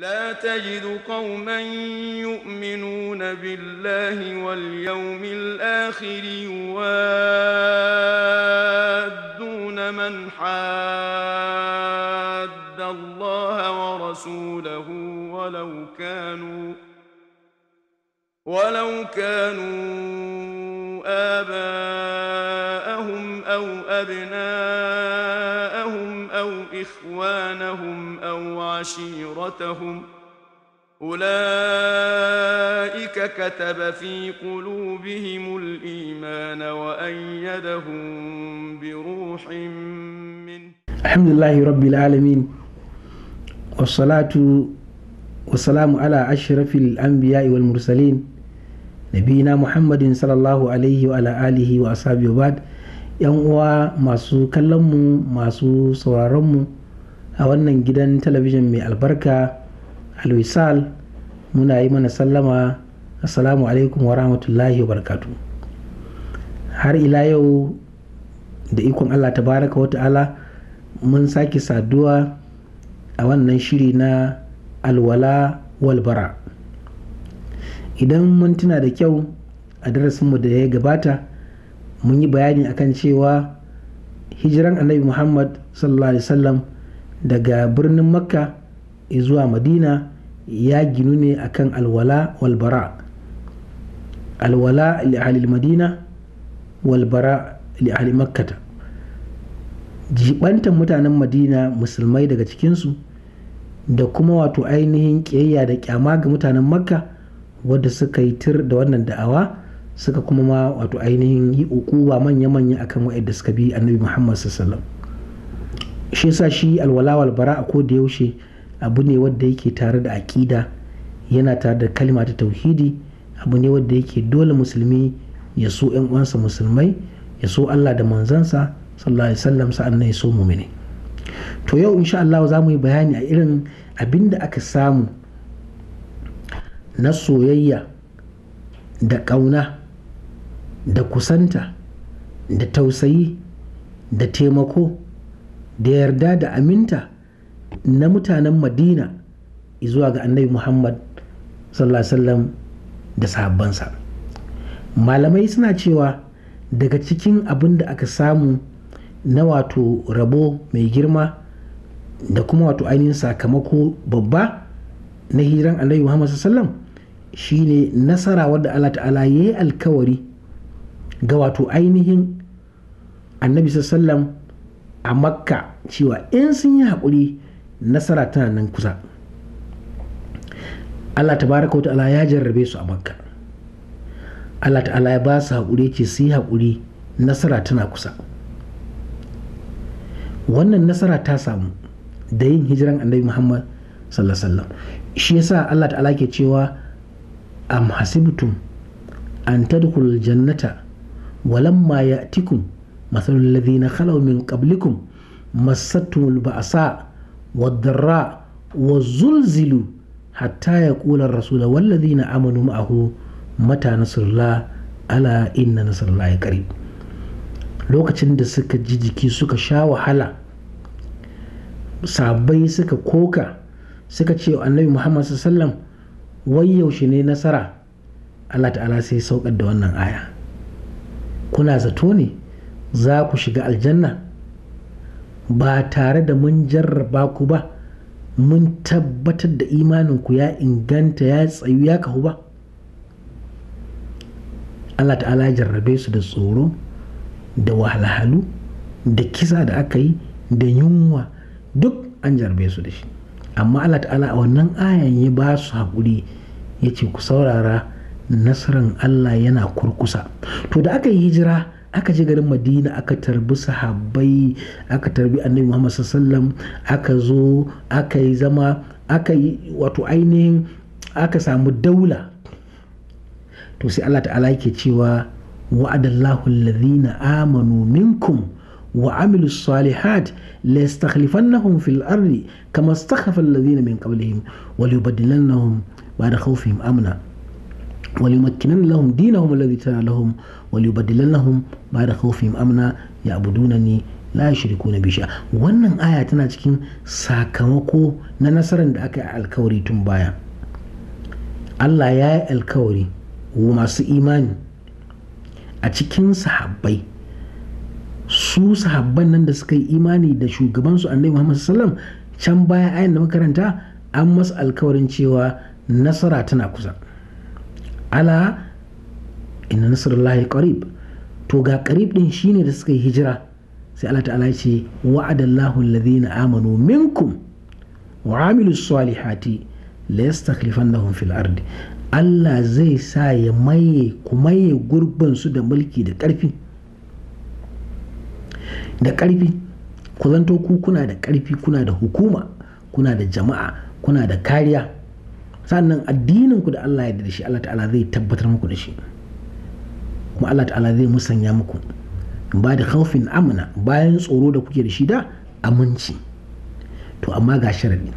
لا تجد قوما يؤمنون بالله واليوم الآخر يوادون من حاد الله ورسوله ولو كانوا ولو كانوا آباءهم أو أبناءهم أو إخوانهم أو عشيرتهم أولئك كتب في قلوبهم الإيمان وأيدهم بروح منه الحمد لله رب العالمين والصلاة والسلام على أشرف الأنبياء والمرسلين نبينا محمد صلى الله عليه وعلى آله وأصحابه وبعد 'yan uwa masu kallonmu masu sauraronmu a wannan gidan talabijin mai albarka alwisal muna yi mana sallama assalamu alaikum wa rahmatullahi wa har ila yau da ikon allah tabaraka wa ta'ala mun sake saduwa a wannan shiri na alwala walbara idan mun tuna da kyau a darasinmu da ya gabata mun yi bayani akan cewa hijiran annabi muhammad sallallahu alaihi wasallam daga birnin makka zuwa madina ya ginu ne akan alwala walbara alwala li'alil madina walbara li'alil makkata jibantan mutanen madina musulmai daga cikinsu da kuma wato ainihin kiyayya da kyama ga mutanen makka wadda suka yi tir da wannan da'awa suka kuma ma wato ainihin yi ukuwa manya-manya akan da suka bi annabi muhammad sallallahu shi yasa shi alwala bara a da yaushe abu ne wanda yake tare da aƙida yana tare da kalma ta tauhidi abu ne wanda yake dole musulmi ya so yan uwansa musulmai ya so Allah da manzansa sallallahu alaihi wasallam sa'annan ya so mu'mini to yau insha za mu yi bayani a irin abin da aka samu na soyayya da ƙauna da kusanta da tausayi da taimako da yarda da aminta na mutanen madina zuwa ga annabi muhammad sallallahu da sahabbansa malamai suna cewa daga cikin abin da aka samu na wato rabo mai girma da kuma wato ainihin sakamako babba na hiran annabi muhammad sallallahu shine nasara wadda allah ta'ala ya yi alkawari ga wato ainihin annabi sallam a makka cewa in sun yi haƙuri nasara tana nan kusa allah ta baraka wata ala ya jarrabe su a makka allah ta ala ya ba su haƙuri ce su yi haƙuri nasara tana kusa wannan nasara ta samu da yin hijiran annabi muhammad sallallahu shi yasa allah ta'ala ke cewa am hasibtum an tadkhulul jannata walamma ya'tikum mathalul ladhina khalaw min qablikum masattun ba'sa wad-dharra waz-zulzilu hatta kula rasu da wal ladhina amanu ma'ahu mata nasrullah ala inna nasrullahi lokacin da suka ji jiki suka sha wahala sabai suka koka suka ce annabi muhammad sallam wai yaushe ne nasara allah ta'ala sai saukar da wannan aya kuna zato ne za ku shiga aljanna ba tare da mun jarraba ku ba mun tabbatar da imaninku ya inganta ya tsayu ya kahu ba Allah ta'ala ya jarrabe su da tsoro da wahalhalu da kisa da aka yi da yunwa duk an jarrabe su da shi amma Allah ta'ala a wannan ayan ya ba su haƙuri ya ce ku saurara nasaran Allah yana kurkusa to da aka yi hijira aka je garin madina aka tarbi sahabbai aka tarbi annabi muhammad sallallahu alaihi wasallam aka zo aka yi zama aka yi wato ainihin aka samu daula to sai Allah ta'ala yake cewa wa'adallahu alladhina amanu minkum وعملوا الصالحات ليستخلفنهم في الأرض كما استخلف الذين من قبلهم وليبدلنهم بعد خوفهم أمنا وليمكنن لهم دينهم الذي تنا لهم وليبدلنهم بعد خوفهم امنا يعبدونني la shiriku na bisha wannan aya tana cikin sakamako na nasarar da aka yi alkawari tun baya allah ya yi alkawari wa masu imani a cikin sahabbai su sahabban nan da suka yi imani da shugabansu annabi muhammad can baya ayan da makaranta an masu alkawarin cewa nasara tana kusa ala inna nasrullahi qarib to ga qarib din shine da suka yi hijira sai Allah ta'ala ya ce wa'adallahu alladhina amanu minkum wa amilus salihati la yastakhlifannahum fil ardi Allah zai sa ya maye ku maye gurbin su da mulki da ƙarfi da ƙarfi ku zanto ku kuna da ƙarfi kuna da hukuma kuna da jama'a kuna da kariya sannan addinin ku da Allah ya da shi Allah ta'ala zai tabbatar muku da shi kuma Allah ta'ala zai musanya muku ba da khaufin amana bayan tsoro da kuke da shi da aminci to amma ga sharadi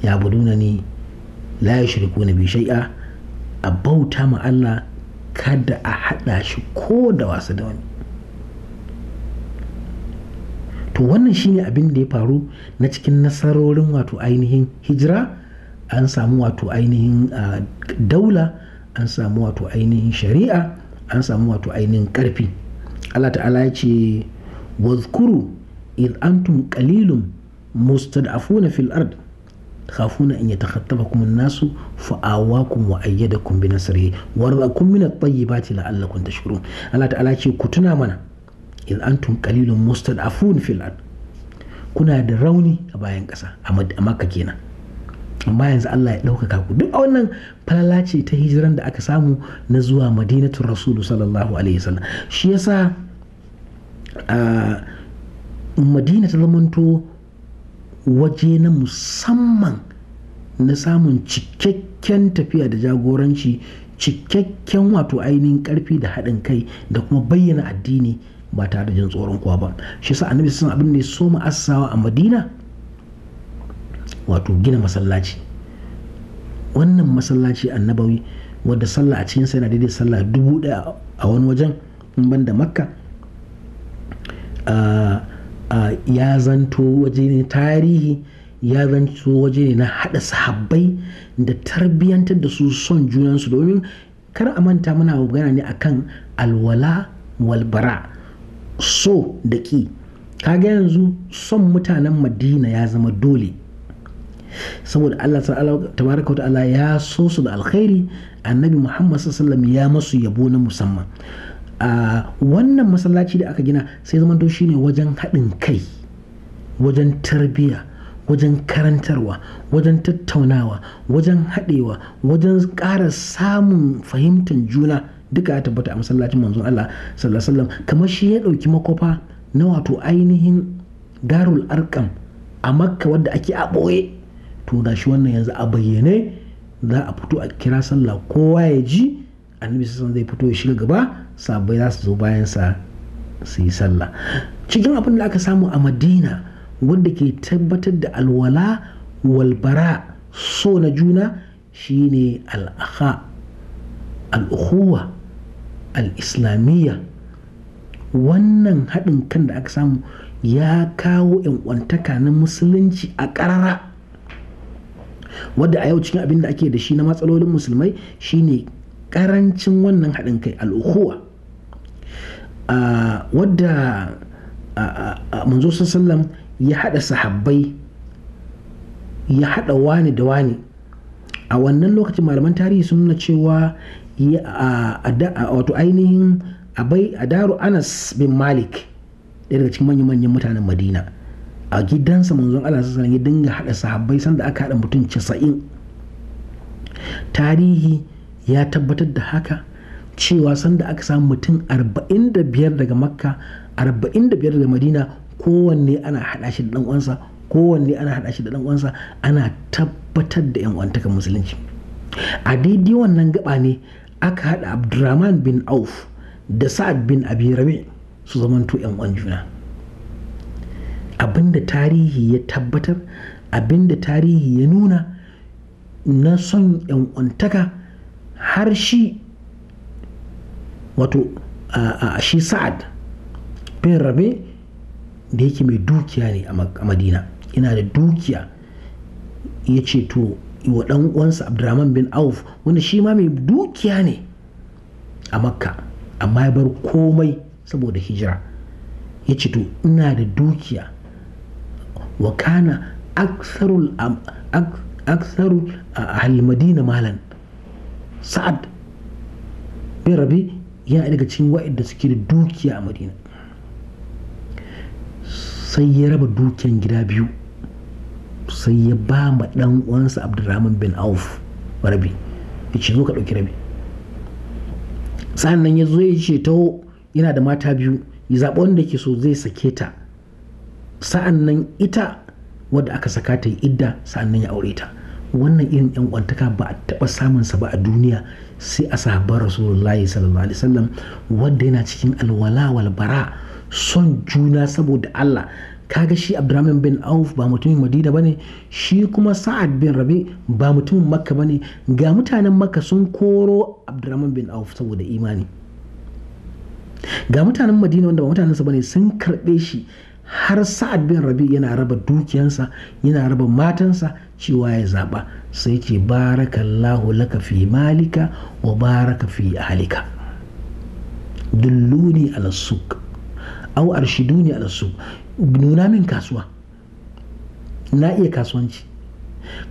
ya buduna ni la yushriku na bi shai'a a bauta ma Allah kada a hada shi ko da wasu da wani to wannan shine abin da ya faru na cikin nasarorin wato ainihin hijira an samu wato ainihin daula an samu wato ainihin shari'a an samu wato ainihin karfi allah ta'ala ya ce wazkuru idh antum qalilun mustad'afuna fil ard khafuna in yatakhattafakum an-nasu awakum wa ayyadakum bi nasri wa razaqakum min at-tayyibati la'allakum tashkurun allah ta'ala ya ce ku tuna mana idh antum qalilun mustad'afuna fil ard kuna da rauni a bayan ƙasa a makka kenan amma yanzu Allah ya ɗaukaka ku duk a wannan falala ce ta hijiran da aka samu na zuwa madinatun rasulu sallallahu alaihi wasallam shi yasa a madina ta zamanto waje na musamman na samun cikakken tafiya da jagoranci cikakken wato ainihin karfi da haɗin kai da kuma bayyana addini ba tare da jin tsoron kuwa ba shi sa annabi sun abin ne so asawa a madina wato gina masallaci wannan masallaci annabawi wadda sallah a cikin yana daidai sallah dubu daya a wani wajen in ban da makka ya zanto waje ne tarihi ya zanto waje ne na haɗa sahabbai da tarbiyyantar da su son junansu domin kar a manta muna magana ne akan alwala walbara so da ki kaga yanzu son mutanen madina ya zama dole saboda Allah tabaraka wa ta'ala ya so su da alkhairi annabi Muhammad sallallahu alaihi ya masu yabo na musamman a wannan masallaci da aka gina sai zaman to shine wajen haɗin kai wajen tarbiyya wajen karantarwa wajen tattaunawa wajen haɗewa wajen ƙara samun fahimtar juna duka ya tabbata a masallacin manzon Allah sallallahu alaihi wasallam kamar shi ya ɗauki makofa na wato ainihin garul arkam a makka wadda ake a ɓoye to da shi wannan yanzu a bayyane za a fito a kira sallah kowa ya ji annabi sassan zai fito ya shiga gaba sabai za su zo bayansa su yi sallah cikin abin da aka samu a madina wanda ke tabbatar da alwala walbara so na juna shine al'akha al'ukhuwa al'islamiyya wannan haɗin kan da aka samu ya kawo 'yan na musulunci a ƙarara wadda a yau cikin abin da ake da shi na matsalolin musulmai shine karancin wannan haɗin kai aluhuwa wadda manzo sallam ya haɗa sahabbai ya haɗa wani da wani a wannan lokacin malaman tarihi sun nuna cewa wato ainihin abai a daru anas bin malik ɗaya daga cikin manya-manyan mutanen madina a gidansa manzon Allah sallallahu ya dinga hada sahabbai sanda aka haɗa mutum 90 tarihi ya tabbatar da haka cewa sanda aka samu mutum 45 daga makka 45 daga madina kowanne ana hada shi da dan uwansa kowanne ana hada shi da dan ana tabbatar da yan musulunci a daidai wannan gaba ne aka haɗa abdurrahman bin auf da sa'ad bin abi rabi su zamanto yan juna abinda tarihi ya tabbatar abinda tarihi ya nuna na son yankuntaka har shi wato a shi sa'ad bin rabe da yake mai dukiya ne a madina yana da dukiya ya ce to wa ɗan uwansa abdurrahman bin auf wanda shi ma mai dukiya ne a makka amma ya bar komai saboda hijira ya ce to ina da dukiya wa kana aksaru ahal madina malan sa'ad bin rabi ya daga cikin da suke da dukiya a madina sai ya raba dukiyan gida biyu sai ya ba ma dan uwansa abdurrahman bin auf rabi ya ce zo ka ɗauki rabi sannan ya zo ya ce taho yana da mata biyu ya zaɓi wanda ke so zai sake ta sa'an nan ita wadda aka saka ta yi idda sa'an nan ya aure ta wannan irin yan kwantaka ba a taɓa samun sa ba a duniya sai a sahabar rasulullahi sallallahu alaihi wasallam wanda yana cikin alwala wal bara son juna saboda Allah kaga shi abdurrahman bin auf ba mutumin madina bane shi kuma sa'ad bin rabi ba mutumin makka bane ga mutanen makka sun koro abdurrahman bin auf saboda imani ga mutanen madina wanda ba mutanen sa bane sun karbe shi har sa'ad bin rabi yana raba dukiyansa yana raba matansa cewa ya zaɓa sai ce barakallahu laka fi malika wa baraka fi alika dulluni ala suk au arshiduni ala suk nuna min kasuwa na iya kasuwanci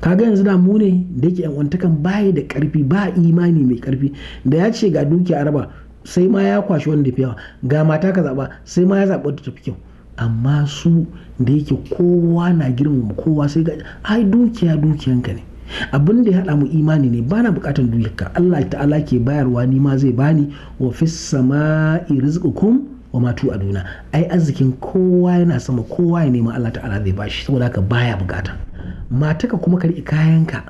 kaga yanzu da mu ne da yake wantakan baya da karfi ba imani mai karfi da ya ce ga dukiya araba sai ma ya kwashi wanda fi yawa ga mata ka zaɓa sai ma ya zaba da tafi kyau amma su da yake kowa na girmama kowa sai ga ai dukiya dukiyanka ne abin da ya haɗa mu imani ne bana bukatan dukiyarka Allah ta'ala ke bayarwa ni ma zai bani wa fis sama'i rizqukum wa ma duna. ai arzikin kowa yana sama kowa ya nema Allah ta'ala zai bashi saboda haka baya bukata mataka kuma karɓi kayanka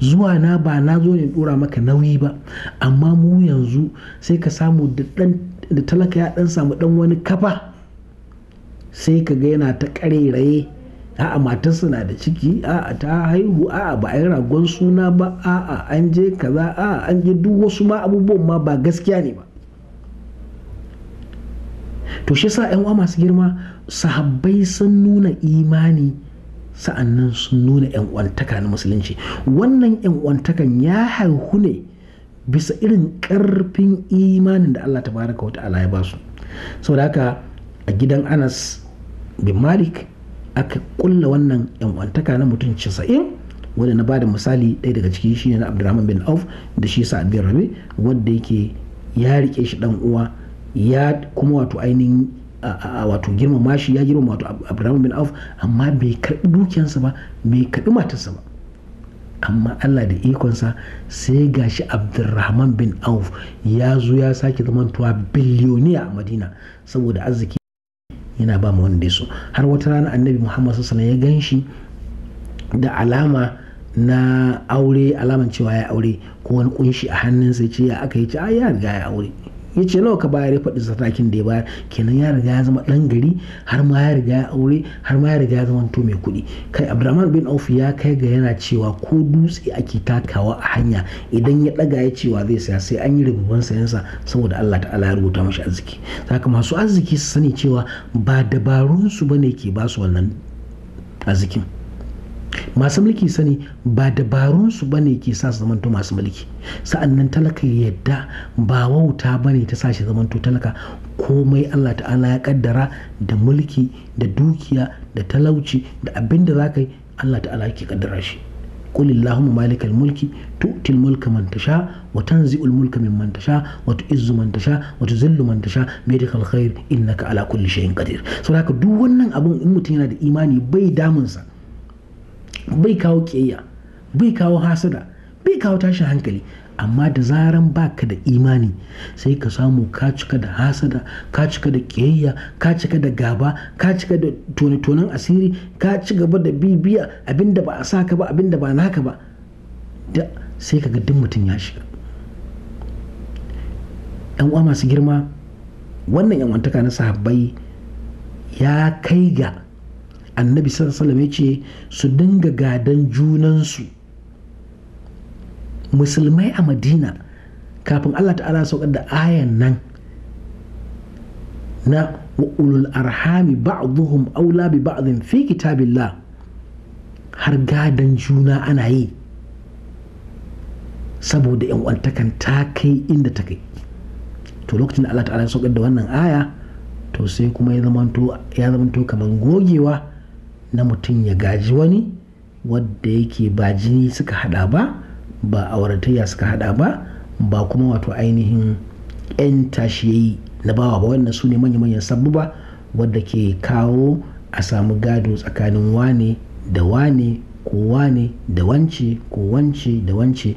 zuwa na ba na zo ne dora maka nauyi ba amma mu yanzu sai ka samu da talaka ya dan samu dan wani kafa sai ka ga yana ta ƙareraye a'a matarsa na da ciki a'a ta haihu a'a ba a yi ragon suna ba a'a an je kaza a'a an je duk wasu ma abubuwan ma ba gaskiya ne ba to shi sa yan masu girma sahabbai sun nuna imani sa'annan sun nuna yan uwantaka na musulunci wannan yan uwantakan ya haihu ne bisa irin karfin imanin da Allah ta baraka wata ala ya basu saboda haka a gidan anas bin malik aka kulla wannan yanwantaka na mutum casa'in wanda na bada misali ɗaya daga ciki shine na abdurrahman bin auf da shi sa bin rabi wanda yake ya rike shi dan uwa ya kuma wato ainihin a wato girmama shi ya girmama wato abdurrahman bin auf amma bai karbi dukiyansa ba bai karbi matarsa ba amma allah da ikonsa sai gashi abdurrahman bin auf ya zo ya sake zamantuwa biliyoniya a madina saboda arziki yana ba mu wanda so har wata rana annabi muhammad sassana ya gan shi da alama na aure alaman cewa ya aure ko wani kunshi a hannunsa sai ce ya aka yi ce a ya riga ya aure ya ce nawa ka bayar ya faɗi satakin da ya bayar kenan ya riga ya zama ɗan gari har ma ya riga ya aure har ma ya riga ya zama to mai kuɗi kai abdurrahman bin auf ya kai ga yana cewa ko dutse ake takawa a hanya idan ya ɗaga ya cewa zai saya sai an yi rububan sayansa saboda allah ta'ala ya rubuta mashi arziki saka masu arziki su sani cewa ba dabarunsu ba ne ke ba su wannan arzikin masu mulki sani ba dabarunsu ba ne ke sa su zamanto masu mulki sa'annan talaka yadda ba wauta bane ta sa shi zamanto talaka komai allah ta'ala ya kaddara da mulki da dukiya da talauci da abin da za ka yi allah ta'ala ke kaddara shi قل اللهم mulki الملك wa الملك من تشاء وتنزع tasha wa tu'izzu man tasha wa tuzillu man tasha bidikal khair innaka ala kulli shay'in qadir saboda duk wannan abun in mutum yana da imani bai damunsa bai kawo ƙiyayya bai kawo hasada bai kawo tashin hankali amma da zaran baka da imani sai ka samu ka cika da hasada ka cika da ƙiyayya ka cika da gaba ka cika da tone asiri ka ci gaba da bibiya abinda ba a sa ka ba abinda ba naka ba da sai ka ga duk mutum ya shiga yan uwa masu girma wannan yan na sahabbai ya kai ga annabi sallallahu ya ce su dinga gadan junansu musulmai a madina kafin allah ta'ala saukar da ayan nan na wa'ulul arhami ba'duhum aula bi ba'dhin fi kitabillah har gadan juna ana yi saboda yan uwantakan ta kai inda ta kai to lokacin da allah ta'ala ya saukar da wannan aya to sai kuma ya zamanto kamar gogewa na mutum ya gaji wani wadda yake ba jini suka hada ba ba auratayya suka hada ba ba kuma wato ainihin 'yan tashiyayi na bawa ba wannan su ne manya-manyan ba wadda ke kawo a samu gado tsakanin wane da wane ko wane da wance ko wance da wance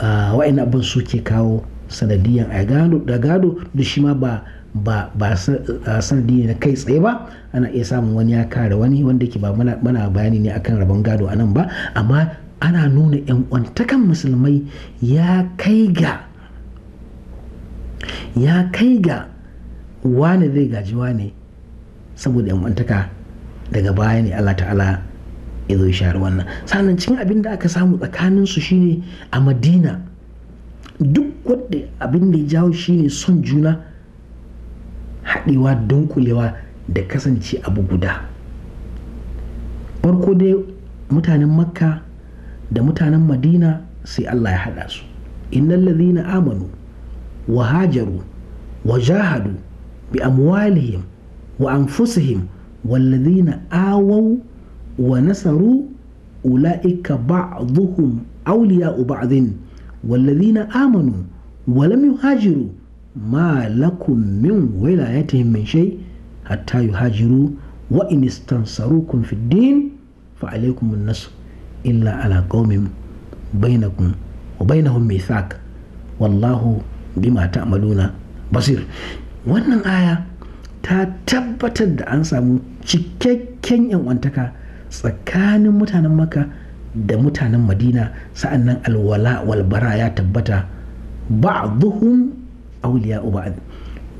uh, ah, wa'in abin su ke kawo sanadiyan a gado da gado duk shi ma ba ba ba sanadiyan na kai tsaye ba ana iya samun wani ya kare wani wanda ke ba mana bayani ne akan rabon gado anan ba amma ana nuna yan kwantakan musulmai ya kai ga ya kai ga wani zai gaji wani saboda yan kwantaka daga baya ne Allah ta'ala ya zo share wannan sannan cikin abin da aka samu tsakaninsu shine a madina duk wadda abin da ya jawo ne son juna haɗewa don kulewa da kasance abu guda farko dai mutanen makka da mutanen madina sai allah ya haɗa su innal na amanu wa hajaru wa jahadu bi amwalihim wa anfusihim walladhina awaw wa nasaru ula'ika ba'dhuhum awliya'u ba'dhin wallazina amanu walam yuhajiru ma lakum min wilayatihim min shai hatta yuhajiru wa in istansarukum fi din fa alaikum an illa ala qaumin bainakum wa bainahum mithaq wallahu bima ta'maluna basir wannan aya ta tabbatar da an samu cikakken yan wantaka tsakanin mutanen maka da mutanen madina sa'an nan alwala walbara ya tabbata zuhun auliya ba'd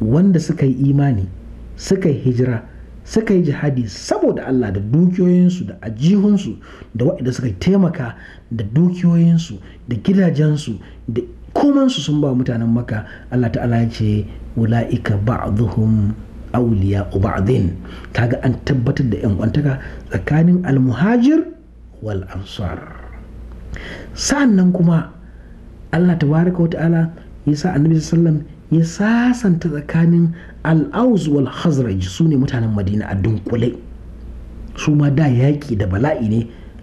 wanda suka yi imani suka yi hijira suka yi jihadi saboda Allah da dukiyoyinsu da ajihunsu da waɗanda suka taimaka da dukiyoyinsu da gidajensu da komansu sun ba mutanen maka Allah ta'ala ya ce wula'ika ba'dhum awliya ba'dhin kaga an tabbatar da yan kwantaka tsakanin almuhajir wal ansar sa'annan kuma Allah tabaraka wa ta'ala ya sa annabi sallam ya sasanta tsakanin al'auz wal hazraj su ne mutanen madina a dunkule su ma da yaƙi da bala'i ne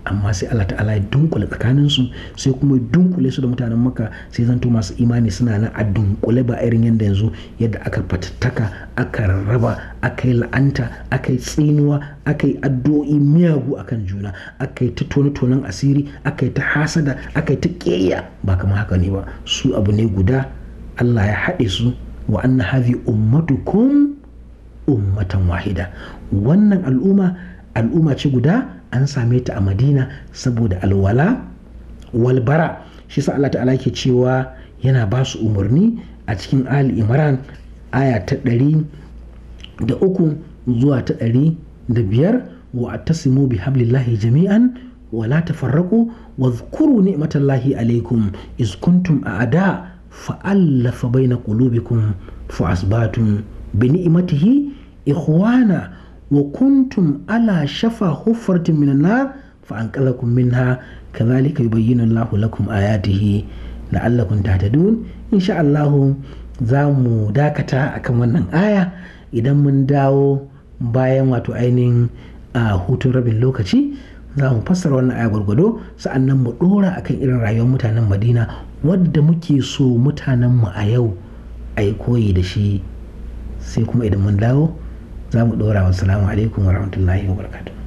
amma sai Allah ta'ala ya dunkule tsakanin su sai kuma dunkule su da mutanen maka sai zanto masu imani suna nan a dunkule ba irin yadda yanzu yadda aka fatattaka aka raba aka yi la'anta aka yi tsinuwa aka yi addu'o'i miyagu a kan juna aka yi ta tone-tonen asiri aka yi ta hasada aka yi ta ƙeya ba kamar haka ne ba su abu ne guda Allah ya haɗe su wa anna hadhi ummatukum ummatan wahida wannan al'umma al'umma ce guda an same ta a madina saboda alwala walbara shi sa Allah ta'ala ke cewa yana ba su umarni a cikin ali imran aya ta ɗari da uku zuwa ta ɗari da biyar wa tasimu bi hablillahi jami'an wa la tafarraqu wa dhkuru ni'matallahi alaikum iz kuntum a'da fa'allafa baina qulubikum fa asbatum bi ni'matihi ikhwana wa kuntum ala shafa huffartin minan nar fa anqalakum minha kadhalika yubayyinu Allahu lakum ayatihi la'allakum tahtadun insha Allah za mu dakata akan wannan aya idan mun dawo bayan wato ainihin a hutun rabin lokaci za mu fassara wannan aya gwargwado sa'annan mu dora akan irin rayuwar mutanen madina wadda muke so mutanenmu a yau a yi koyi da shi sai kuma idan mun dawo za mu ɗora wa salamu alaikum wa rahmatullahi wa barakatuh